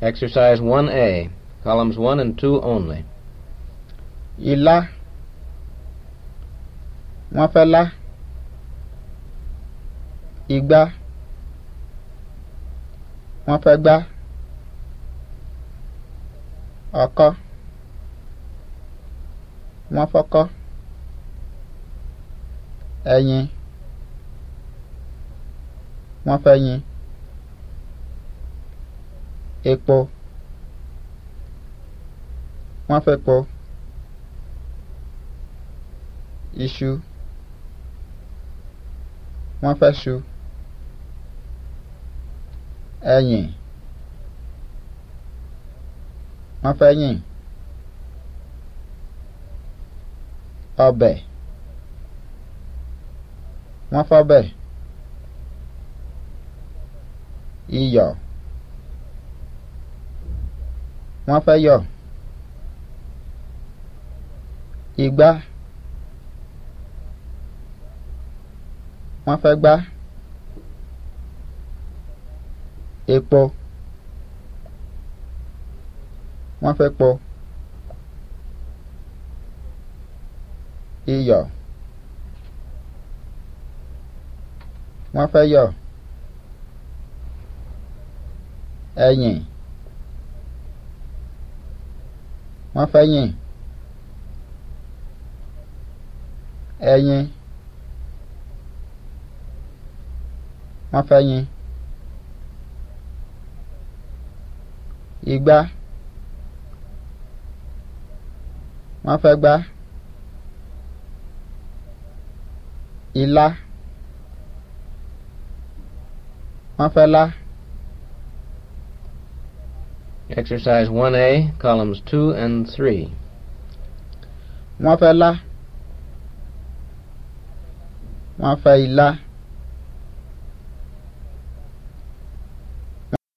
Exercise 1A, columns 1 and 2 only. Ilá. mafela, Igbá. mafaka, fẹ́ gbá. Ọkọ́. Wọ́n epo wọ́n fẹ́ pọ iṣu wọ́n fẹ́ ṣu ẹyìn wọ́n fẹ́ yìn ọbẹ̀ wọ́n fọ́bẹ̀ iyọ̀ wọ́n fẹ́ yọ igba wọ́n fẹ́ gbá epo wọ́n fẹ́ po iyọ̀ wọ́n fẹ́ yọ ẹ̀yìn. E wọ́n fẹ́ yìn ẹyin wọ́n fẹ́ yìn igbá wọ́n fẹ́ gbá ilá wọ́n fẹ́ La. Exercise 1A, columns 2 and 3. Mafela, fẹ́